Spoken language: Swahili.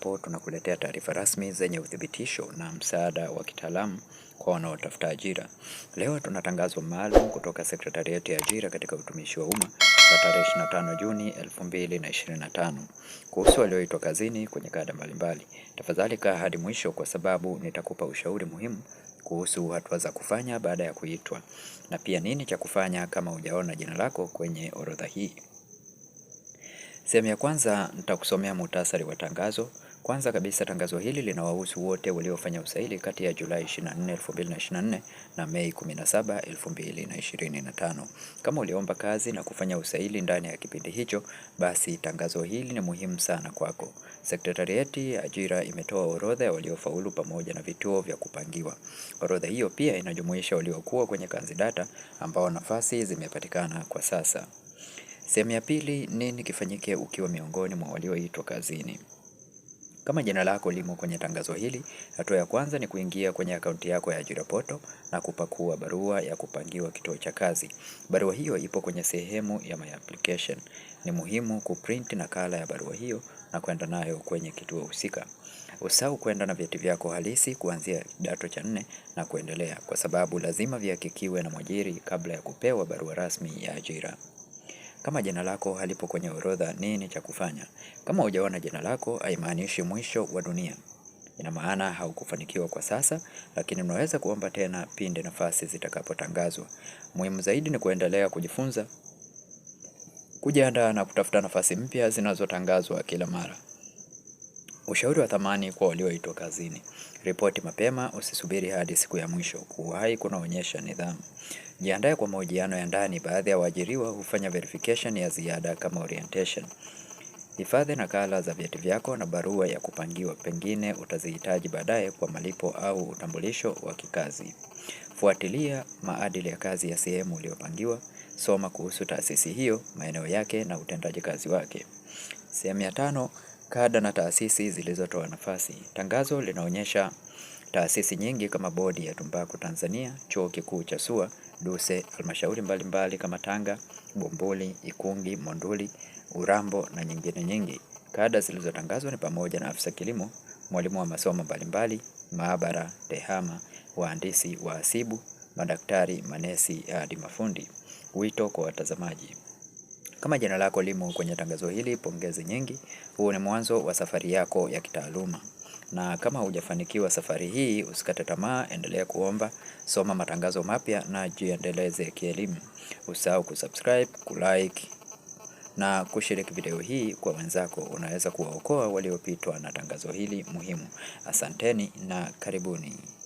ambapo tunakuletea taarifa rasmi zenye uthibitisho na msaada wa kitaalamu kwa wanaotafuta ajira. Leo tuna tangazo maalum kutoka Sekretarieti ya Ajira katika Utumishi wa Umma la tarehe 25 Juni 2025 kuhusu walioitwa kazini kwenye kada mbalimbali. Tafadhali kaa hadi mwisho, kwa sababu nitakupa ushauri muhimu kuhusu hatua za kufanya baada ya kuitwa na pia nini cha kufanya kama hujaona jina lako kwenye orodha hii. Sehemu ya kwanza nitakusomea muhtasari wa tangazo. Kwanza kabisa tangazo hili linawahusu wote waliofanya usaili kati ya Julai 24, 2024 na Mei 17, 2025. Kama uliomba kazi na kufanya usaili ndani ya kipindi hicho, basi tangazo hili ni muhimu sana kwako. Sekretarieti ya Ajira imetoa orodha ya waliofaulu pamoja na vituo vya kupangiwa. Orodha hiyo pia inajumuisha waliokuwa kwenye kanzi data ambao nafasi zimepatikana kwa sasa. Sehemu ya pili, nini kifanyike ukiwa miongoni mwa walioitwa kazini? Kama jina lako limo kwenye tangazo hili, hatua ya kwanza ni kuingia kwenye akaunti yako ya ajira poto na kupakua barua ya kupangiwa kituo cha kazi. Barua hiyo ipo kwenye sehemu ya my application. Ni muhimu kuprint nakala ya barua hiyo na kwenda nayo kwenye kituo husika. Usahau kwenda na vyeti vyako halisi kuanzia kidato cha nne na kuendelea, kwa sababu lazima vihakikiwe na mwajiri kabla ya kupewa barua rasmi ya ajira. Kama jina lako halipo kwenye orodha, nini cha kufanya? Kama hujaona jina lako, haimaanishi mwisho wa dunia. Ina maana haukufanikiwa kwa sasa, lakini unaweza kuomba tena pindi nafasi zitakapotangazwa. Muhimu zaidi ni kuendelea kujifunza, kujiandaa na kutafuta nafasi mpya zinazotangazwa kila mara. Ushauri wa thamani kwa walioitwa kazini. Ripoti mapema, usisubiri hadi siku ya mwisho. Kuwahi kunaonyesha nidhamu. Jiandae kwa mahojiano ya ndani, baadhi ya waajiriwa hufanya verification ya ziada kama orientation. Hifadhi nakala za vyeti vyako na barua ya kupangiwa, pengine utazihitaji baadaye kwa malipo au utambulisho wa kikazi. Fuatilia maadili ya kazi ya sehemu uliyopangiwa. Soma kuhusu taasisi hiyo, maeneo yake na utendaji kazi wake. Sehemu ya tano, kada na taasisi zilizotoa nafasi. Tangazo linaonyesha taasisi nyingi kama Bodi ya Tumbaku Tanzania, Chuo Kikuu cha Sua, DUSE, halmashauri mbalimbali kama Tanga, Bumbuli, Ikungi, Monduli, Urambo na nyingine nyingi. Kada zilizotangazwa ni pamoja na afisa kilimo, mwalimu wa masomo mbalimbali, maabara, tehama, wahandisi, wahasibu, madaktari, manesi hadi mafundi. Wito kwa watazamaji. Kama jina lako limo kwenye tangazo hili, pongezi nyingi. Huu ni mwanzo wa safari yako ya kitaaluma, na kama hujafanikiwa safari hii, usikate tamaa. Endelea kuomba, soma matangazo mapya na jiendeleze kielimu. Usahau kusubscribe, kulike na kushiriki video hii kwa wenzako. Unaweza kuwaokoa waliopitwa na tangazo hili muhimu. Asanteni na karibuni.